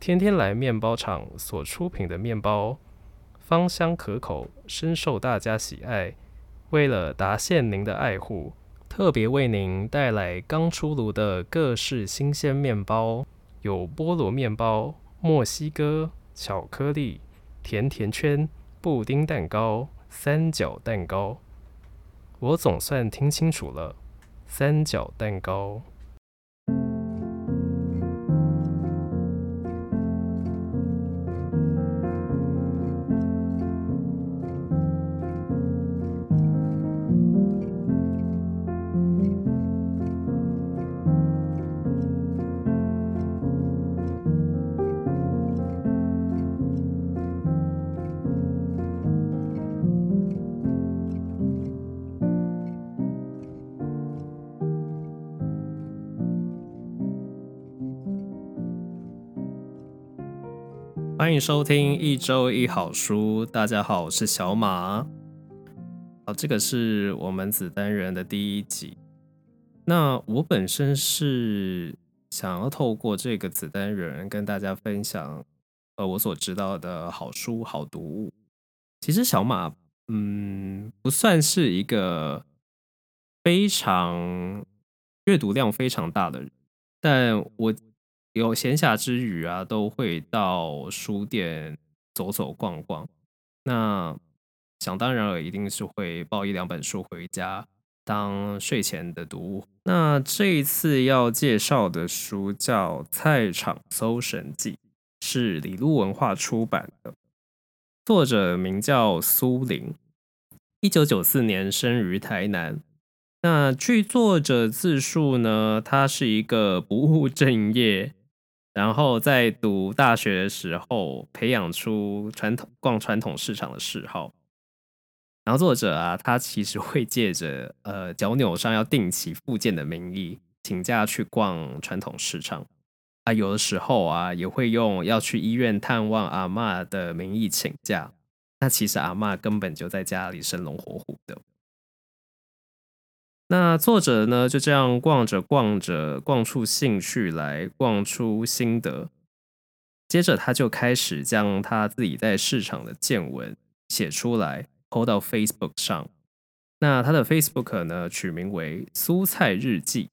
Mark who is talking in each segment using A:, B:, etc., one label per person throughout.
A: 天天來麵包廠所出品的麵包，芳香可口，深受大家喜愛。為了答謝您的愛護，特別為您帶來剛出爐的各式新鮮麵包，有菠蘿麵包、墨西哥巧克力、甜甜圈、布丁蛋糕、三角蛋糕。我總算聽清楚了，三角蛋糕。歡迎收聽一週一好書，大家好，我是小馬。好，這個是我們子單元的第一集。那我本身是想要透過這個子單元跟大家分享，呃，我所知道的好書、好讀物。其實小馬，嗯，不算是一個非常閱讀量非常大的人，但我，有閒暇之餘啊，都會到書店走走逛逛。那想當然了，一定是會抱一兩本書回家當睡前的讀物。那這一次要介紹的書叫《菜場搜神記》，是裏路文化出版的，作者名叫蘇凌，一九九四年生於台南。那據作者自述呢，他是一個不務正業。然後在讀大學的時候，培養出傳統逛傳統市場的嗜好。然後作者啊，他其實會借着呃腳扭傷要定期復健的名義請假去逛傳統市場啊，有的時候啊也會用要去醫院探望阿嬤的名義請假，那其實阿嬤根本就在家裡生龍活虎的。那作者呢，就這樣逛着逛着，逛出興趣來，逛出心得。接着，他就開始將他自己在市場的見聞寫出來，PO 到 Facebook 上。那他的 Facebook 呢，取名為“蘇菜日記”。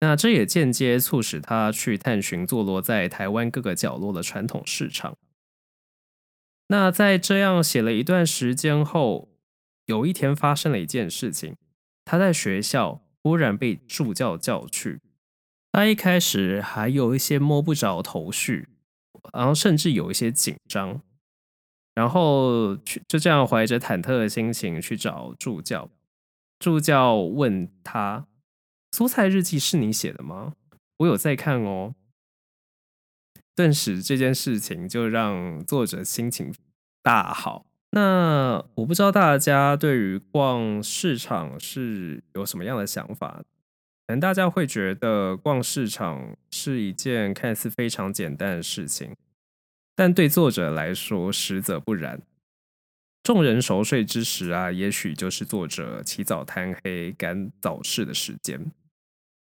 A: 那這也間接促使他去探尋坐落在台灣各個角落的傳統市場。那在這樣寫了一段時間後，有一天發生了一件事情。他在學校忽然被助教叫去，他一開始還有一些摸不着頭緒，然後甚至有一些緊張，然後去就這樣懷着忐忑的心情去找助教。助教問他：“蘇菜日記是你寫的嗎？我有在看哦。”頓時這件事情就讓作者心情大好。那我不知道大家對於逛市場是有什麼樣的想法的？可能大家會覺得逛市場是一件看似非常簡單的事情，但對作者來說，實則不然。眾人熟睡之時啊，也許就是作者起早貪黑趕早市的時間，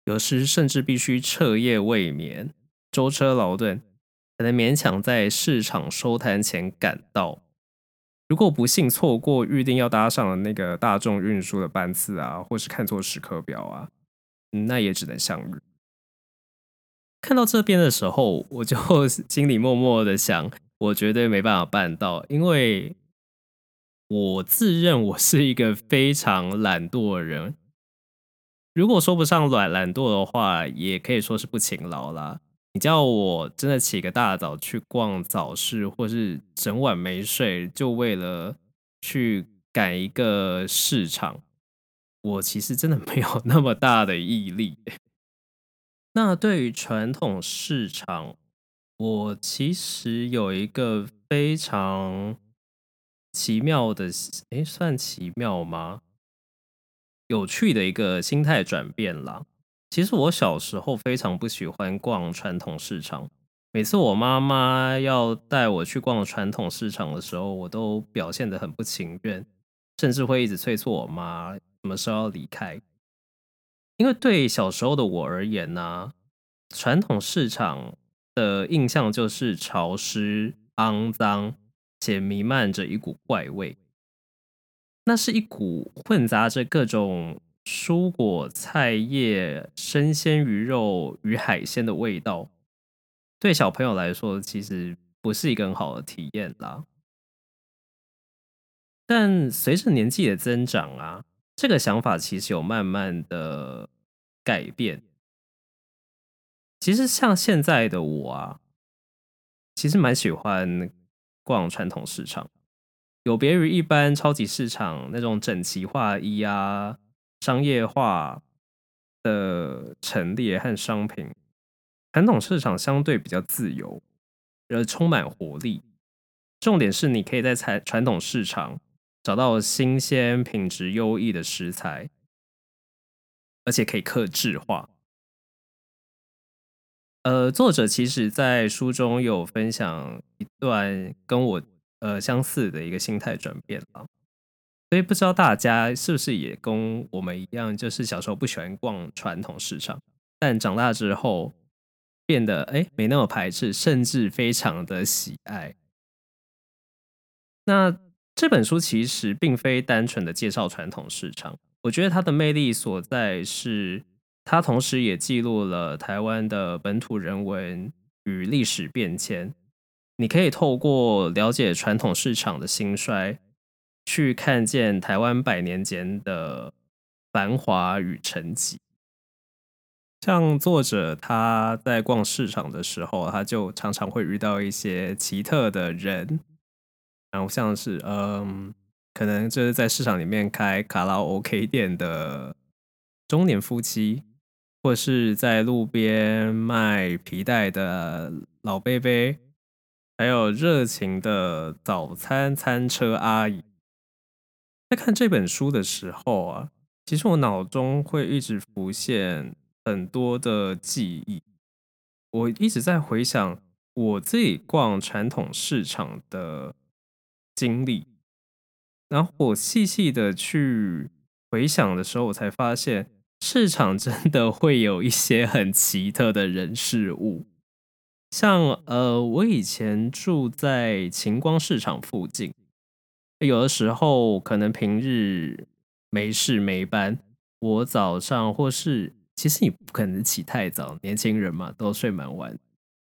A: 有時甚至必須徹夜未眠，舟車勞頓，才能勉強在市場收攤前趕到。如果不幸錯過預定要搭上的那個大眾運輸的班次啊，或是看錯時刻表啊，那也只能相遇。看到這邊的時候，我就心裡默默的想，我絕對沒辦法辦到，因為我自認我是一個非常懶惰的人。如果說不上懶懶惰的話，也可以說是不勤勞啦。你叫我真的起個大早去逛早市，或是整晚沒睡，就為了去趕一個市場，我其實真的沒有那麼大的毅力。那對於傳統市場，我其實有一個非常奇妙的，誒，算奇妙嗎？有趣的一個心態轉變了。其實我小時候非常不喜歡逛傳統市場，每次我媽媽要帶我去逛傳統市場的時候，我都表現得很不情願，甚至會一直催促我媽什麼時候要離開。因為對小時候的我而言呢、啊，傳統市場的印象就是潮濕、骯髒，且瀰漫着一股怪味。那是一股混雜着各種蔬果、菜葉、生鮮、魚肉與海鮮的味道，對小朋友來說其實不是一個很好的體驗啦。但隨着年紀的增長啊，這個想法其實有慢慢的改變。其實像現在的我啊，其實蠻喜歡逛傳統市場，有別於一般超級市場那種整齊劃一啊。商業化的陳列和商品，傳統市場相對比較自由，而充滿活力。重點是，你可以在傳統市場找到新鮮、品質優異的食材，而且可以客製化。呃，作者其實在書中有分享一段跟我呃相似的一個心態轉變了。所以不知道大家是不是也跟我們一樣，就是小時候不喜歡逛傳統市場，但長大之後變得誒，沒那麼排斥，甚至非常的喜愛。那這本書其實並非單純的介紹傳統市場，我覺得它的魅力所在是它同時也記錄了台灣的本土人文與歷史變遷。你可以透過了解傳統市場的興衰，去看見台灣百年間的繁華與沉寂。像作者他在逛市場的時候，他就常常會遇到一些奇特的人，然後像是嗯，可能就是在市場裡面開卡拉 OK 店的中年夫妻，或是在路邊賣皮帶的老貝貝，還有熱情的早餐餐車阿姨。在看這本書的時候啊，其實我腦中會一直浮現很多的記憶。我一直在回想我自己逛傳統市場的經歷，然後我細細的去回想的時候，我才發現市場真的會有一些很奇特的人事物。像呃，我以前住在晴光市場附近。有的時候可能平日沒事沒班，我早上或是其實你不可能起太早，年輕人嘛，都睡蠻晚。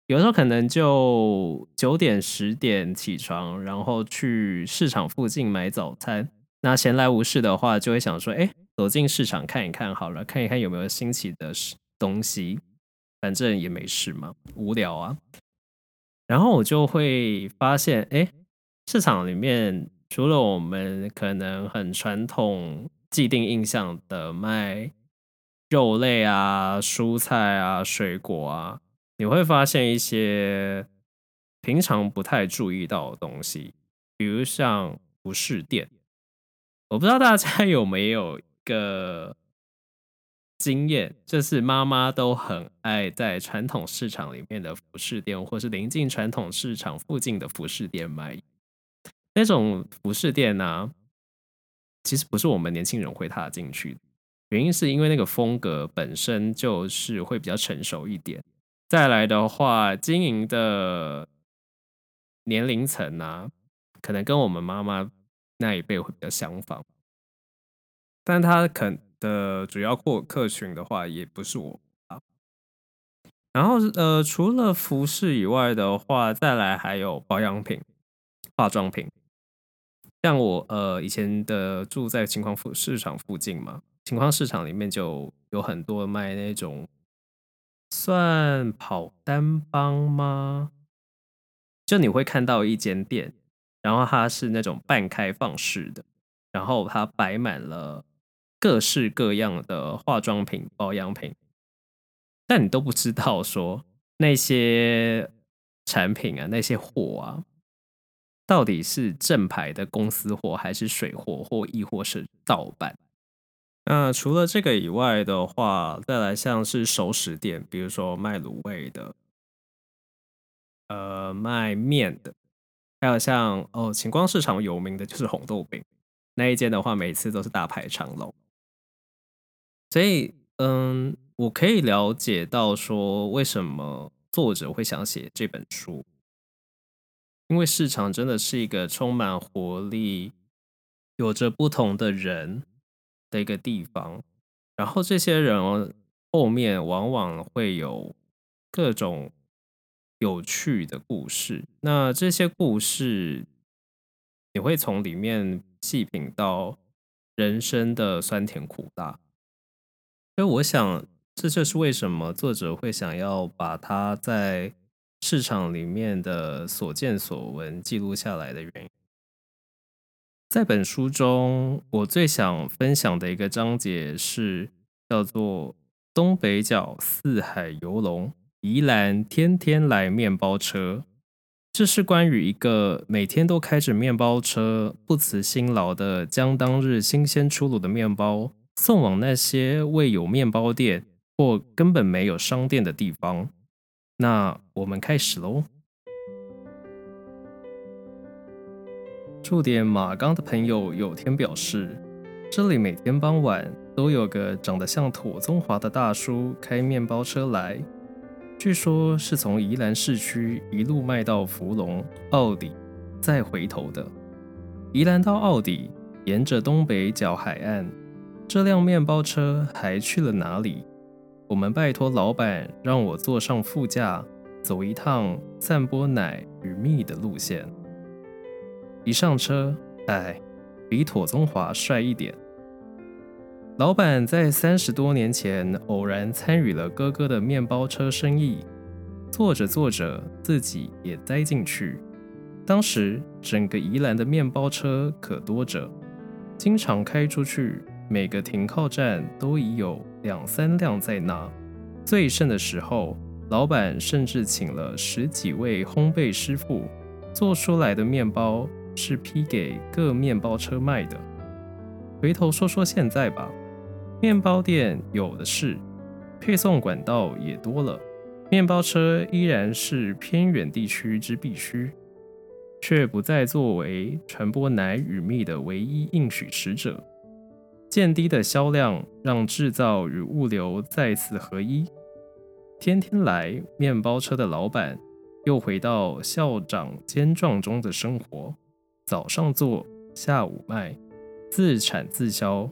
A: 有的時候可能就九點十點起床，然後去市場附近買早餐。那閒來無事的話，就會想說，哎，走進市場看一看好了，看一看有沒有新奇的東東西，反正也沒事嘛，無聊啊。然後我就會發現，哎，市場裡面。除了我們可能很傳統、既定印象的賣肉類啊、蔬菜啊、水果啊，你會發現一些平常不太注意到的東西，比如像服飾店。我不知道大家有沒有一個經驗，就是媽媽都很愛在傳統市場裡面的服飾店，或是臨近傳統市場附近的服飾店買衣服。那種服飾店呢、啊，其實不是我們年輕人會踏進去的。原因是因為那個風格本身就是會比較成熟一點。再來的話，經營的年齡層呢、啊，可能跟我們媽媽那一輩會比較相仿。但他可的主要顧客群的話，也不是我。然後呃，除了服飾以外的話，再來還有保養品。化妝品，像我呃以前的住在晴光附市場附近嘛，晴光市場裡面就有很多賣那種算跑單幫嗎？就你會看到一間店，然後它是那種半開放式的，然後它擺滿了各式各樣的化妝品、保養品，但你都不知道說那些產品啊，那些貨啊。到底是正牌的公司貨，還是水貨，或亦或是盜版？那除了這個以外的話，再來像是熟食店，比如說賣滷味的，呃，賣麵的，還有像哦，晴光市場有名的就是紅豆餅那一間的話，每次都是大排長龍。所以，嗯，我可以了解到說，為什麼作者會想寫這本書。因為市場真的是一個充滿活力、有着不同的人的一個地方，然後這些人後面往往會有各種有趣的故事。那這些故事，你會從裡面細品到人生的酸甜苦辣。所以我想，這就是為什麼作者會想要把它在。市場裡面的所見所聞記錄下來的原因，在本書中，我最想分享的一個章節是叫做“東北角四海遊龍，宜蘭天天來麵包車”。這是關於一個每天都開着麵包車，不辭辛勞的將當日新鮮出爐的麵包送往那些未有麵包店或根本沒有商店的地方。那我們開始嘍。駐點馬崗的朋友有天表示，這裡每天傍晚都有個長得像庹宗華的大叔開麵包車來，據說是從宜蘭市區一路賣到福隆、澳底，再回頭的。宜蘭到澳底，沿着東北角海岸，這輛麵包車還去了哪裡？我們拜託老闆讓我坐上副駕，走一趟散播奶與蜜的路線。一上車，哎，比妥宗華帥一點。老闆在三十多年前偶然參與了哥哥的麵包車生意，做着做着自己也栽進去。當時整個宜蘭的麵包車可多着，經常開出去。每個停靠站，都已有兩三輛在那，最盛的時候，老板甚至請了十幾位烘焙師傅，做出來的麵包是批給各麵包車賣的。回頭說說現在吧，麵包店有的是，配送管道也多了，麵包車依然是偏遠地區之必需，卻不再作為傳播奶與蜜的唯一應許使者。漸低的銷量讓制造與物流再次合一。天天來面包車的老板又回到校長兼撞鐘的生活，早上做，下午賣，自產自銷。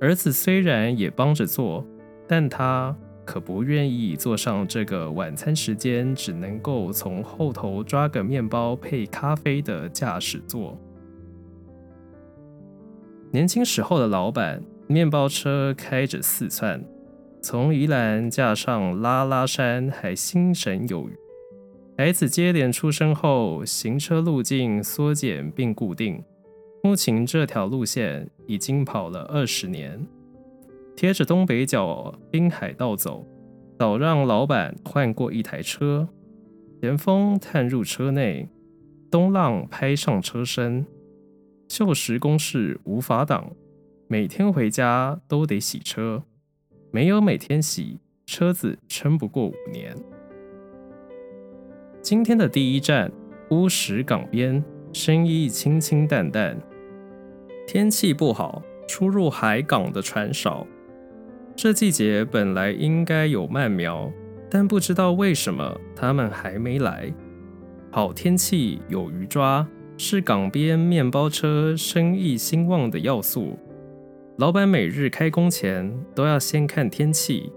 A: 兒子雖然也幫着做，但他可不願意坐上這個晚餐時間只能夠從後頭抓個麵包配咖啡的駕駛座。年輕時候的老板，麵包車開着四竄，從宜蘭駕上拉拉山，還心神有餘。孩子接連出生後，行車路徑縮減並固定。目前這條路線已經跑了二十年，貼着東北角濱海道走，早讓老板換過一台車。鹹風探入車內，東浪拍上車身。鏽蝕攻勢無法擋，每天回家都得洗車，沒有每天洗，車子撐不過五年。今天的第一站烏石港邊，生意清清淡淡，天氣不好，出入海港的船少。這季節本來應該有鰻苗，但不知道為什麼它們還沒來。好天氣有魚抓。是港邊麵包車生意興旺，的要素。老板每日開工前都要先看天氣，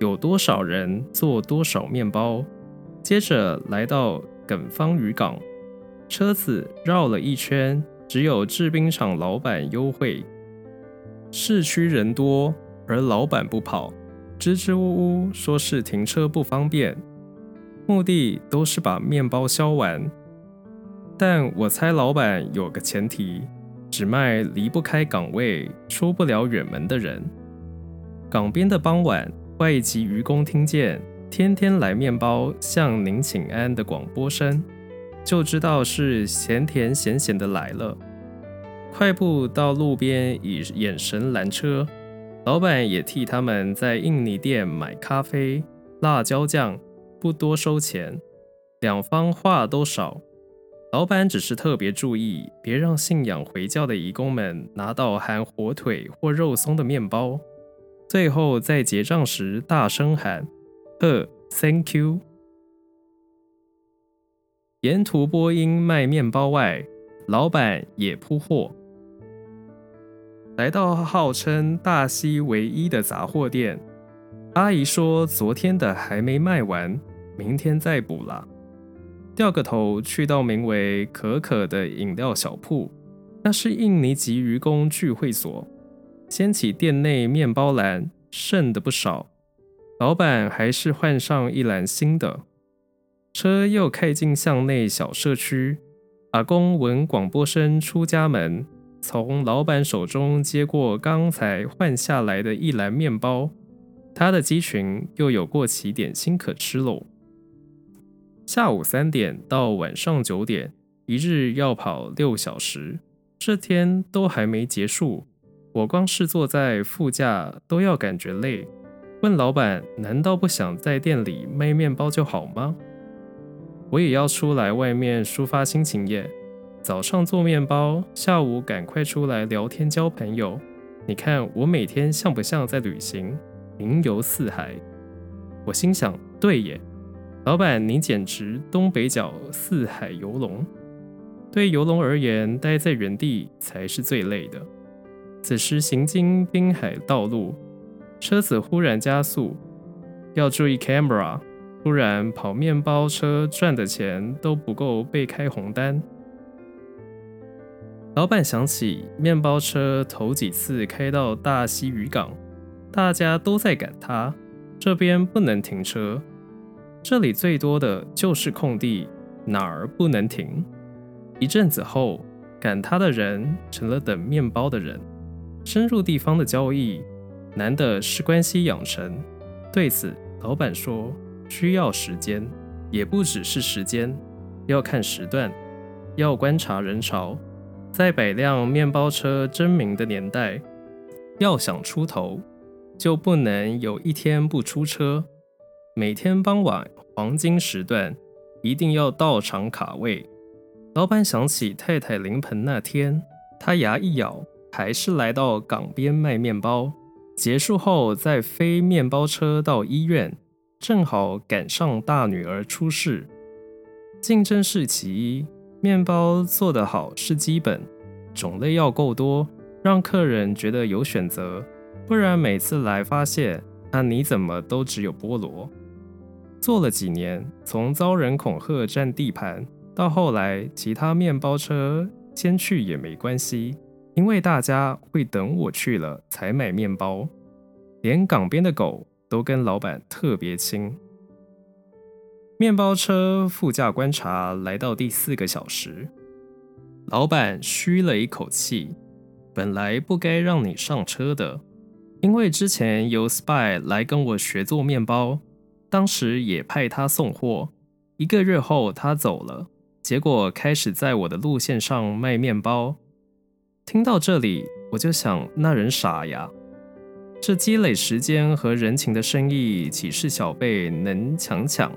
A: 有多少人做多少麵包。接着來到梗枋漁港，車子繞了一圈，只有製冰廠老板優惠。市區人多，而老板不跑，支支吾吾說是停車不方便。目的都是把麵包銷完。但我猜老闆有個前提，只賣離不開崗位、出不了遠門的人。港邊的傍晚，外籍漁工聽見天天來面包向您請安的廣播聲，就知道是鹹甜鹹咸的來了，快步到路邊以眼神攔車。老闆也替他們在印尼店買咖啡、辣椒醬，不多收錢，兩方話都少。老闆只是特別注意，別讓信仰回教的義工們拿到含火腿或肉鬆的麵包。最後在結賬時大聲喊：“呃，thank you。”沿途播音賣麵包外，老闆也鋪貨。來到號稱大溪唯一的雜貨店，阿姨說：“昨天的還沒賣完，明天再補了。”掉個頭去到名為可可的飲料小鋪，那是印尼籍漁工聚會所。掀起店內麵包籃剩得不少，老板還是換上一籃新的。車又開進巷內小社區，阿公聞廣播聲出家門，從老板手中接過剛才換下來的一籃麵包，他的雞群又有過期點心可吃嘍。下午三點到晚上九點，一日要跑六小時。這天都還沒結束，我光是坐在副駕都要感覺累。問老闆，難道不想在店裡賣麵包就好嗎？我也要出來外面抒發心情耶。早上做麵包，下午趕快出來聊天交朋友。你看我每天像不像在旅行，雲遊四海。我心想，對耶。老闆，您簡直東北角四海游龍。對游龍而言，待在原地才是最累的。此時行經濱海道路，車子忽然加速，要注意 camera。不然跑面包車賺的錢都不夠被開紅單。老闆想起麵包車頭幾次開到大溪漁港，大家都在趕他，這邊不能停車。這裡最多的就是空地，哪兒不能停？一陣子後，趕他的人成了等麵包的人。深入地方的交易，難的是關係養成。對此，老闆說：“需要時間，也不只是時間，要看時段，要觀察人潮。在百輛麵包車爭鳴的年代，要想出頭，就不能有一天不出車。每天傍晚。”黃金時段一定要到場卡位。老闆想起太太臨盆那天，他牙一咬，還是來到港邊賣麵包。結束後再飛麵包車到醫院，正好趕上大女兒出世。競爭是其一，麵包做得好是基本，種類要夠多，讓客人覺得有選擇，不然每次來發現，那、啊、你怎麼都只有菠蘿？做了幾年，從遭人恐嚇佔地盤，到後來其他麵包車先去也沒關係，因為大家會等我去了才買麵包。連港邊的狗都跟老闆特別親。麵包車副駕觀察來到第四個小時，老闆吁了一口氣，本來不該讓你上車的，因為之前有 spy 來跟我學做麵包。當時也派他送貨，一個月後他走了，結果開始在我的路線上賣麵包。聽到這裡，我就想，那人傻呀！這積累時間和人情的生意，豈是小輩能強搶？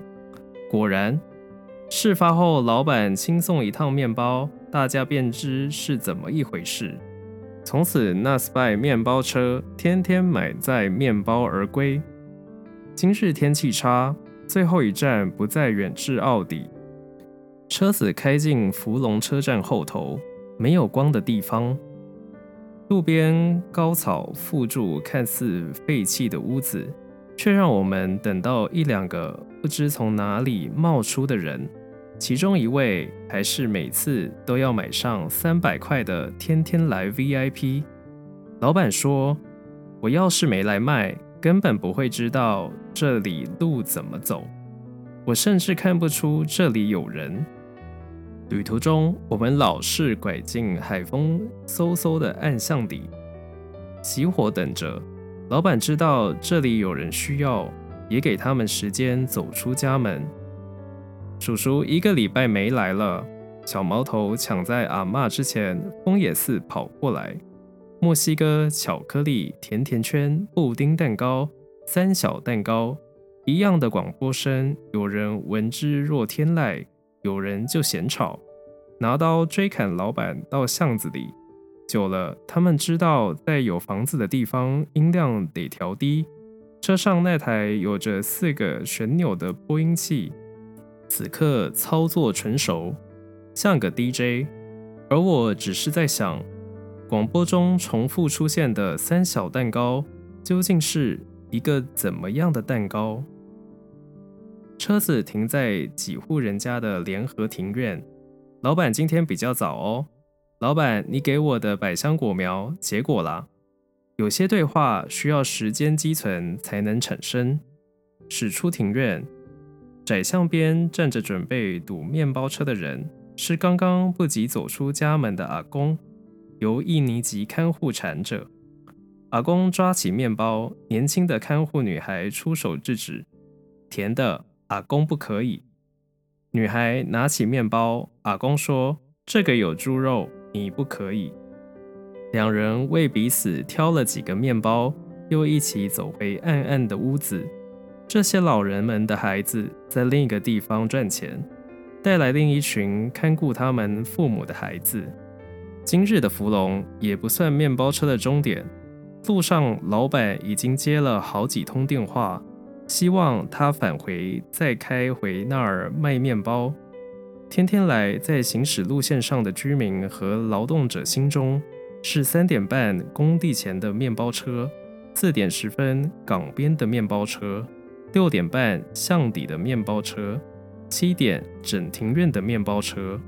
A: 果然，事發後老闆親送一趟麵包，大家便知是怎麼一回事。從此，那 spy 麵包車天天滿載麵包而歸。今日天氣差，最後一站不再遠至澳底。車子開進福隆車站後頭，沒有光的地方。路邊高草覆住看似廢棄的屋子，卻讓我們等到一兩個不知從哪裡冒出的人，其中一位還是每次都要買上三百塊的天天來 VIP。老板說：“我要是沒來賣。”根本不會知道這裡路怎麼走，我甚至看不出這裡有人。旅途中，我們老是拐進海風嗖嗖的暗巷裡，熄火等着。老板知道這裡有人需要，也給他們時間走出家門。叔叔一個禮拜沒來了，小毛頭搶在阿嬤之前，風也似跑過來。墨西哥巧克力甜甜圈、布丁蛋糕、三小蛋糕一樣的廣播聲，有人聞之若天籟，有人就嫌吵。拿刀追砍老闆到巷子裡，久了他們知道，在有房子的地方音量得調低。車上那台有着四個旋鈕的播音器，此刻操作純熟，像個 DJ，而我只是在想。廣播中重複出現的三小蛋糕究竟是一個怎麼樣的蛋糕？車子停在幾戶人家的聯合庭院。老板今天比較早哦。老板，你給我的百香果苗結果啦。有些對話需要時間積存才能產生。駛出庭院，窄巷邊站着準備堵麵包車的人，是剛剛不及走出家門的阿公。由印尼籍看護攙著，阿公抓起麵包，年輕的看護女孩出手制止：“甜的，阿公不可以。”女孩拿起麵包，阿公說：“這個有豬肉，你不可以。”兩人為彼此挑了幾個麵包，又一起走回暗暗的屋子。這些老人們的孩子在另一個地方賺錢，帶來另一群看顧他們父母的孩子。今日的福隆也不算麵包車的終點。路上老闆已經接了好幾通電話，希望他返回再開回那兒賣麵包。天天來在行駛路線上的居民和勞動者心中，是三點半工地前的麵包車，四點十分港邊的麵包車，六點半巷底的麵包車，七點整庭院的麵包車。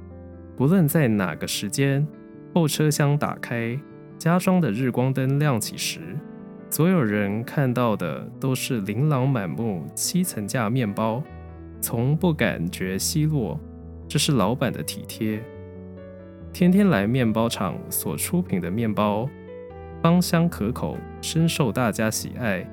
A: 不論在哪個時間，後車廂打開，加裝的日光燈亮起時，所有人看到的都是琳琅滿目七層架麵包。從不感覺稀落，這是老板的體貼。天天來麵包廠所出品的麵包，芳香可口，深受大家喜愛。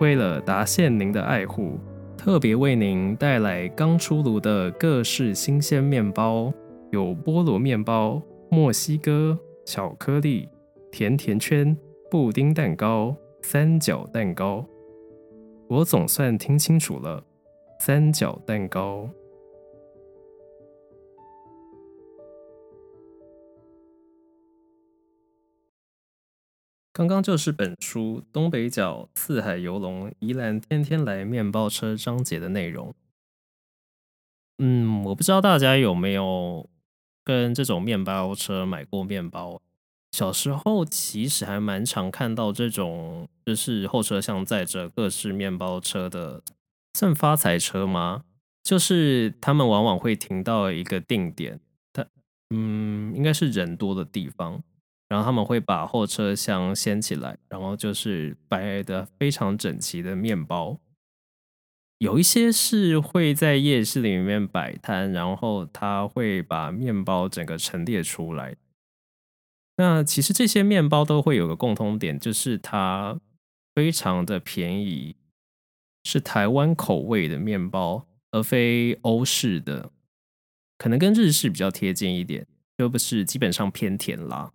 A: 為了答謝您的愛護，特別為您帶來剛出爐的各式新鮮麵包，有菠蘿麵包。墨西哥巧克力甜甜圈、布丁蛋糕、三角蛋糕，我總算聽清楚了。三角蛋糕，剛剛就是本書東北角四海遊龍宜蘭天天來麵包車章節的內容。嗯，我不知道大家有沒有。跟這種麵包車買過麵包，小時候其實還蠻常看到這種，就是後車廂載着各式麵包車的，算發財車嗎？就是他們往往會停到一個定點，他嗯，應該是人多的地方，然後他們會把後車廂掀起來，然後就是擺得非常整齊的麵包。有一些是會在夜市裡面擺攤，然後他會把麵包整個陳列出來。那其實這些麵包都會有個共通點，就是它非常的便宜，是台灣口味的麵包，而非歐式的，可能跟日式比較貼近一點，又不是基本上偏甜啦。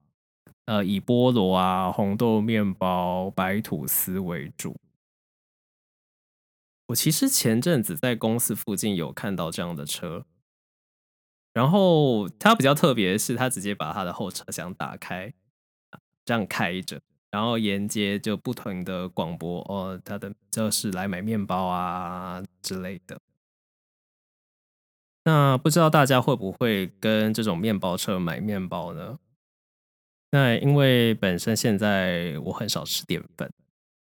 A: 呃，以菠蘿啊、紅豆麵包、白吐司為主。我其實前陣子在公司附近有看到這樣的車，然後它比較特別是它直接把它的後車廂打開，這樣開着，然後沿街就不停的廣播，哦，它的就是來買麵包啊之類的。那不知道大家會不會跟這種麵包車買麵包呢？那因為本身現在我很少吃澱粉，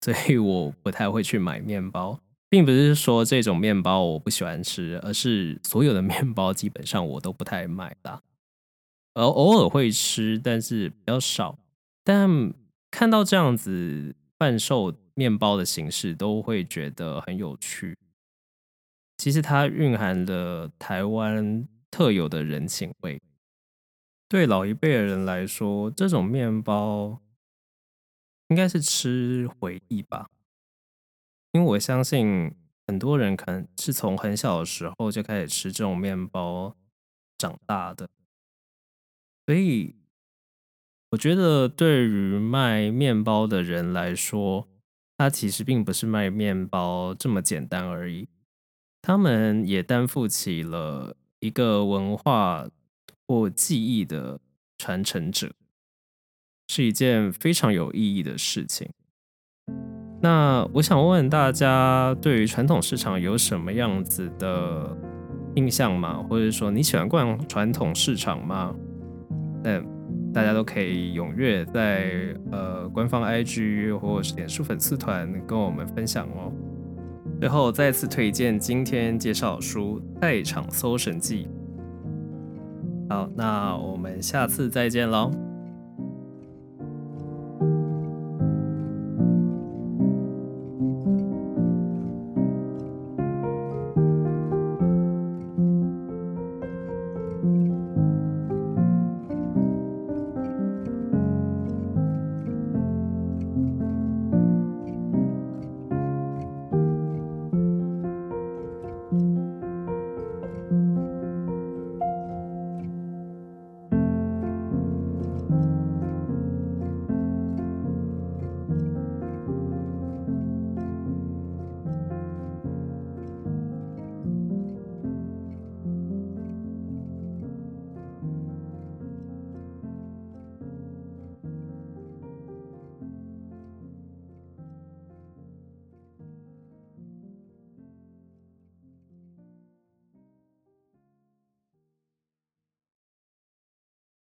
A: 所以我不太會去買麵包。並不是說這種麵包我不喜歡吃，而是所有的麵包基本上我都不太買的，而偶爾會吃，但是比較少。但看到這樣子販售麵包的形式，都會覺得很有趣。其實它蘊含了台灣特有的人情味。對老一輩的人來說，這種麵包應該是吃回憶吧。因為我相信很多人可能是從很小的時候就開始吃這種麵包長大的，所以我覺得對於賣麵包的人來說，他其實並不是賣麵包這麼簡單而已，他們也擔負起了一個文化或記憶的傳承者，是一件非常有意義的事情。那我想問問大家，對於傳統市場有什麼樣子的印象嗎？或者說你喜歡逛傳統市場嗎？那大家都可以踴躍在呃官方 IG 或者是臉書粉絲團跟我們分享哦。最後再次推薦今天介紹書《菜場搜神記》。好，那我們下次再見嘍。